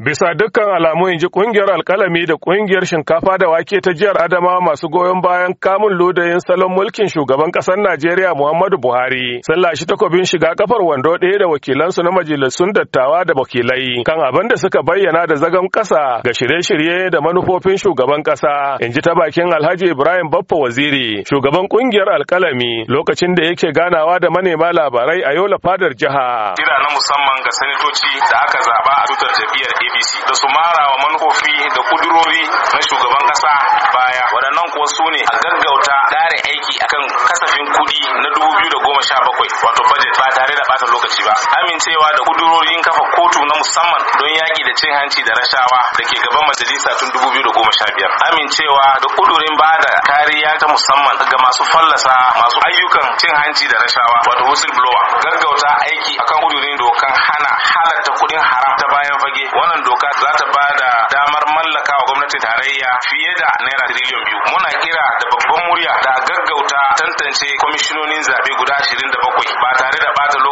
Bisa dukkan alamu in ji kungiyar alkalami da ƙungiyar shinkafa da wake ta jihar Adamawa masu goyon bayan kamun ludayin salon mulkin shugaban ƙasar Najeriya Muhammadu Buhari sun lashi takobin shiga kafar wando ɗaya da wakilansu na majalisun dattawa da wakilai kan abin da suka bayyana da zagon ƙasa ga shirye-shirye da manufofin shugaban ƙasa in ji ta bakin Alhaji Ibrahim Baffa Waziri shugaban ƙungiyar alkalami lokacin da yake ganawa da manema labarai a Yola fadar jiha. Kira na musamman ga sanatoci da aka zaba a tutar da su mara wa manufofi da kudurori na shugaban kasa baya waɗannan kuwa su ne a gaggauta ƙarin aiki akan kasafin kuɗi na 2017 wato lokaci ba amincewa da kudurorin kafa kotu na musamman don yaki da cin hanci da rashawa da ke gaban majalisa tun 2015 amincewa da kudurin ba da kariya ta musamman ga masu fallasa masu ayyukan cin hanci da rashawa wato whistle blower gaggauta aiki akan kudurin dokan hana halatta kudin haram ta bayan fage wannan doka za ta ba da damar mallaka wa gwamnatin tarayya fiye da naira triliyan biyu muna kira da babban murya da gaggauta tantance kwamishinonin zabe guda 27 ba tare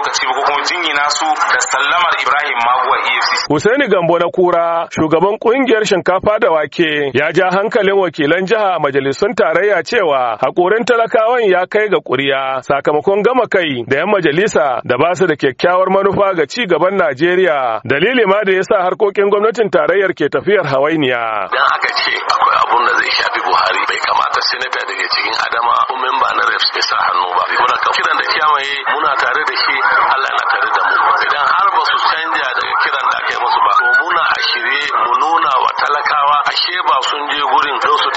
lokaci ba ko kuma jinyina su da sallamar Ibrahim Maguwa EFCC. hussaini Gambo na Kura shugaban kungiyar shinkafa da wake ya ja hankalin wakilan jiha a majalisun tarayya cewa hakorin talakawan ya kai ga kuriya sakamakon gama kai da yan majalisa da ba su da kyakkyawar manufa ga ci gaban Najeriya dalili ma da sa harkokin gwamnatin tarayyar ke tafiyar hawainiya. Dan aka ce akwai abun da zai shafi Buhari bai kamata sinata daga cikin Adama maye muna tare da shi Allah na tare da mu idan har ba su canja daga kiran da aka yi musu ba to muna a shirye mu nuna wa talakawa ashe ba sun je gurin don su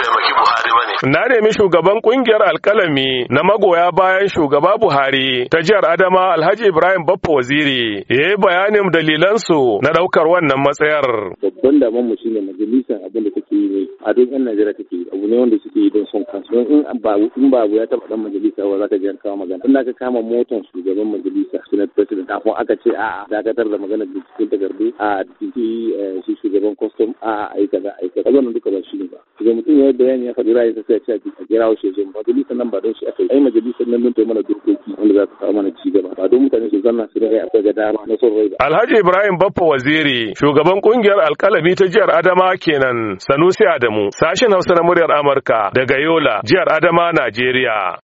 Na nemi shugaban kungiyar alkalami na magoya bayan shugaba Buhari ta jihar Adama Alhaji Ibrahim Baffa Waziri ya yi bayanin dalilansu na daukar wannan matsayar. Babban damar mu shine majalisar abin da take yi ne a duk yan Najeriya take yi abu ne wanda suke yi don son kansu in babu in babu ya taba dan majalisa ba za ka jiyar kawo magana. ina aka kama motan shugaban majalisa Senate President kafin aka ce a'a dakatar da maganar da cikin takardu a cikin eh, shi shugaban custom a aika da aika. Wannan duka ba shi ne ba. daga mutum ya yi bayani ya faɗi ra'ayi sai ce a kira shi zo Majalisa nan ba don shi aka yi ai majalisar nan don ta mana dokoki wanda za su kawo mana ci gaba ba don mutane su zanna su rai akwai ga dama na son rai ba Alhaji Ibrahim Baffa Waziri shugaban ƙungiyar alkalami ta jihar Adama kenan Sanusi Adamu sashen Hausa na muryar Amurka daga Yola jihar Adama Najeriya